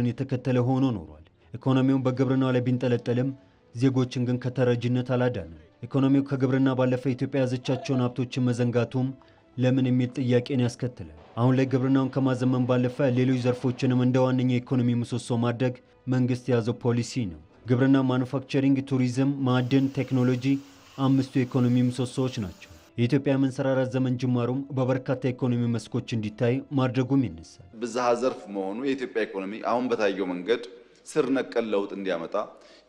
አሰራርን የተከተለ ሆኖ ኖሯል። ኢኮኖሚውን በግብርናው ላይ ቢንጠለጠልም ዜጎችን ግን ከተረጅነት አላዳንም። ኢኮኖሚው ከግብርና ባለፈ ኢትዮጵያ ያዘቻቸውን ሀብቶችን መዘንጋቱም ለምን የሚል ጥያቄን ያስከትላል። አሁን ላይ ግብርናውን ከማዘመን ባለፈ ሌሎች ዘርፎችንም እንደ ዋነኛ የኢኮኖሚ ምሰሶ ማድረግ መንግስት የያዘው ፖሊሲ ነው። ግብርና፣ ማኑፋክቸሪንግ፣ ቱሪዝም፣ ማዕድን፣ ቴክኖሎጂ አምስቱ የኢኮኖሚ ምሰሶዎች ናቸው። የኢትዮጵያ መንሰራራት ዘመን ጅማሩም በበርካታ ኢኮኖሚ መስኮች እንዲታይ ማድረጉም ይነሳል። ብዝሃ ዘርፍ መሆኑ የኢትዮጵያ ኢኮኖሚ አሁን በታየው መንገድ ስር ነቀል ለውጥ እንዲያመጣ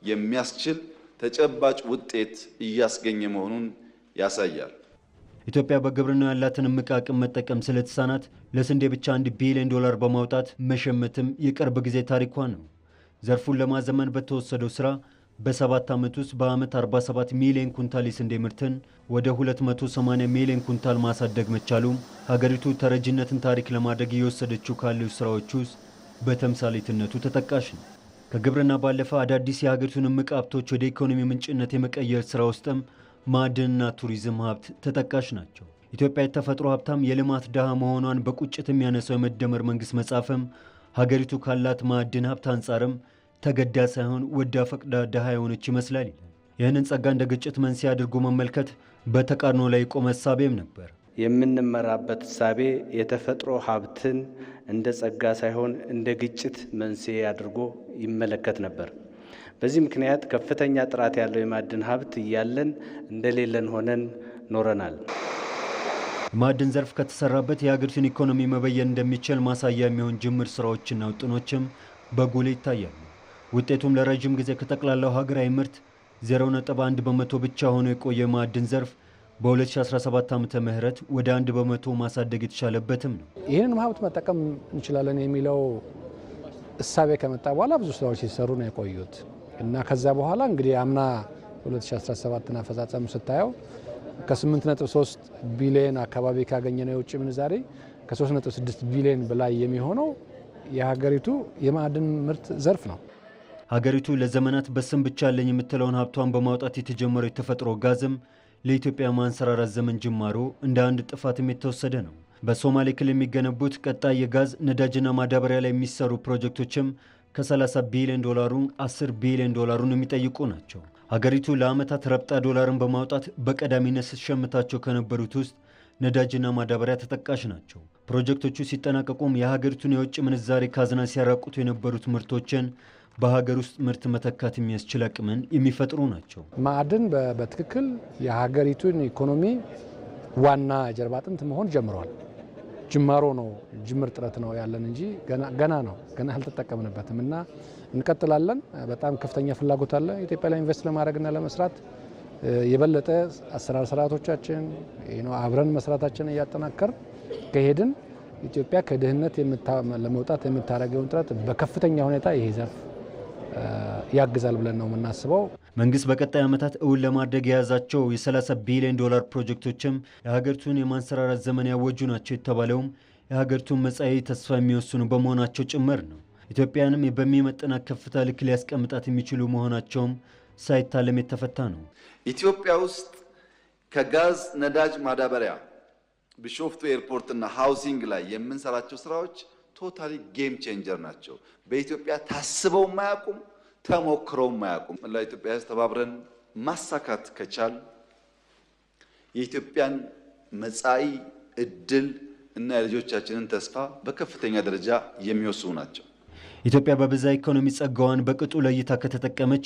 የሚያስችል ተጨባጭ ውጤት እያስገኘ መሆኑን ያሳያል። ኢትዮጵያ በግብርና ያላትን እምቅ አቅም መጠቀም ስለተሳናት ለስንዴ ብቻ አንድ ቢሊዮን ዶላር በማውጣት መሸመትም የቅርብ ጊዜ ታሪኳ ነው። ዘርፉን ለማዘመን በተወሰደው ስራ በሰባት ዓመት ውስጥ በዓመት 47 ሚሊዮን ኩንታል የስንዴ ምርትን ወደ 280 ሚሊዮን ኩንታል ማሳደግ መቻሉም ሀገሪቱ ተረጅነትን ታሪክ ለማድረግ እየወሰደችው ካለው ስራዎች ውስጥ በተምሳሌትነቱ ተጠቃሽ ነው። ከግብርና ባለፈ አዳዲስ የሀገሪቱን እምቅ ሀብቶች ወደ ኢኮኖሚ ምንጭነት የመቀየር ስራ ውስጥም ማዕድንና ቱሪዝም ሀብት ተጠቃሽ ናቸው። ኢትዮጵያ የተፈጥሮ ሀብታም የልማት ድሃ መሆኗን በቁጭት የሚያነሳው የመደመር መንግስት መጽሐፍም ሀገሪቱ ካላት ማዕድን ሀብት አንጻርም ተገዳ ሳይሆን ወዳ ፈቅዳ ድሃ የሆነች ይመስላል ይላል። ይህንን ጸጋ እንደ ግጭት መንስኤ አድርጎ መመልከት በተቃርኖ ላይ የቆመ እሳቤም ነበር። የምንመራበት እሳቤ የተፈጥሮ ሀብትን እንደ ጸጋ ሳይሆን እንደ ግጭት መንስኤ አድርጎ ይመለከት ነበር። በዚህ ምክንያት ከፍተኛ ጥራት ያለው የማዕድን ሀብት እያለን እንደሌለን ሆነን ኖረናል። የማዕድን ዘርፍ ከተሰራበት የሀገሪቱን ኢኮኖሚ መበየን እንደሚችል ማሳያ የሚሆን ጅምር ስራዎችና ውጥኖችም በጎልህ ይታያሉ። ውጤቱም ለረዥም ጊዜ ከጠቅላላው ሀገራዊ ምርት 0.1 በመቶ ብቻ ሆኖ የቆየ ማዕድን ዘርፍ በ2017 ዓመተ ምህረት ወደ 1 በመቶ ማሳደግ የተቻለበትም ነው። ይህንን ሀብት መጠቀም እንችላለን የሚለው እሳቤ ከመጣ በኋላ ብዙ ስራዎች ሲሰሩ ነው የቆዩት እና ከዛ በኋላ እንግዲህ አምና 2017ን አፈጻጸም ስታየው ከ8.3 ቢሊዮን አካባቢ ካገኘነው የውጭ ምንዛሬ ከ3.6 ቢሊዮን በላይ የሚሆነው የሀገሪቱ የማዕድን ምርት ዘርፍ ነው። ሀገሪቱ ለዘመናት በስም ብቻ አለኝ የምትለውን ሀብቷን በማውጣት የተጀመረው የተፈጥሮ ጋዝም ለኢትዮጵያ ማንሰራራት ዘመን ጅማሮ እንደ አንድ ጥፋትም የተወሰደ ነው። በሶማሌ ክልል የሚገነቡት ቀጣይ የጋዝ ነዳጅና ማዳበሪያ ላይ የሚሰሩ ፕሮጀክቶችም ከ30 ቢሊዮን ዶላሩን 10 ቢሊዮን ዶላሩን የሚጠይቁ ናቸው። ሀገሪቱ ለዓመታት ረብጣ ዶላርን በማውጣት በቀዳሚነት ስትሸምታቸው ከነበሩት ውስጥ ነዳጅና ማዳበሪያ ተጠቃሽ ናቸው። ፕሮጀክቶቹ ሲጠናቀቁም የሀገሪቱን የውጭ ምንዛሬ ካዝና ሲያራቁቱ የነበሩት ምርቶችን በሀገር ውስጥ ምርት መተካት የሚያስችል አቅምን የሚፈጥሩ ናቸው። ማዕድን በትክክል የሀገሪቱን ኢኮኖሚ ዋና የጀርባ አጥንት መሆን ጀምሯል። ጅማሮ ነው፣ ጅምር ጥረት ነው ያለን እንጂ ገና ነው፣ ገና አልተጠቀምንበትም እና እንቀጥላለን። በጣም ከፍተኛ ፍላጎት አለ ኢትዮጵያ ላይ ኢንቨስት ለማድረግና ለመስራት የበለጠ አሰራር ስርዓቶቻችን አብረን መስራታችን እያጠናከር ከሄድን ኢትዮጵያ ከድህነት ለመውጣት የምታደርገውን ጥረት በከፍተኛ ሁኔታ ይሄ ዘርፍ ያግዛል ብለን ነው የምናስበው። መንግስት በቀጣይ ዓመታት እውን ለማድረግ የያዛቸው የ30 ቢሊዮን ዶላር ፕሮጀክቶችም የሀገሪቱን የማንሰራራት ዘመን ያወጁ ናቸው የተባለውም የሀገሪቱን መጻኢ ተስፋ የሚወስኑ በመሆናቸው ጭምር ነው። ኢትዮጵያንም በሚመጠና ከፍታ ልክ ሊያስቀምጣት የሚችሉ መሆናቸውም ሳይታለም የተፈታ ነው። ኢትዮጵያ ውስጥ ከጋዝ ነዳጅ፣ ማዳበሪያ፣ ቢሾፍቱ ኤርፖርት እና ሃውሲንግ ላይ የምንሰራቸው ስራዎች ቶታሊ ጌም ቼንጀር ናቸው። በኢትዮጵያ ታስበው ማያውቁም፣ ተሞክረው ማያውቁም። ኢትዮጵያ ህዝብ ተባብረን ማሳካት ከቻል የኢትዮጵያን መጻኢ እድል እና የልጆቻችንን ተስፋ በከፍተኛ ደረጃ የሚወስኑ ናቸው። ኢትዮጵያ በብዛ ኢኮኖሚ ጸጋዋን በቅጡ ለይታ ከተጠቀመች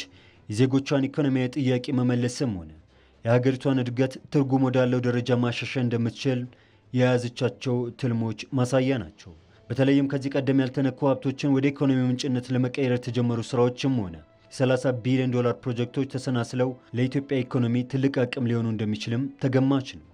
የዜጎቿን ኢኮኖሚያዊ ጥያቄ መመለስም ሆነ የሀገሪቷን እድገት ትርጉም ወዳለው ደረጃ ማሻሻል እንደምትችል የያዘቻቸው ትልሞች ማሳያ ናቸው። በተለይም ከዚህ ቀደም ያልተነኩ ሀብቶችን ወደ ኢኮኖሚ ምንጭነት ለመቀየር የተጀመሩ ስራዎችም ሆነ 30 ቢሊዮን ዶላር ፕሮጀክቶች ተሰናስለው ለኢትዮጵያ ኢኮኖሚ ትልቅ አቅም ሊሆኑ እንደሚችልም ተገማች ነው።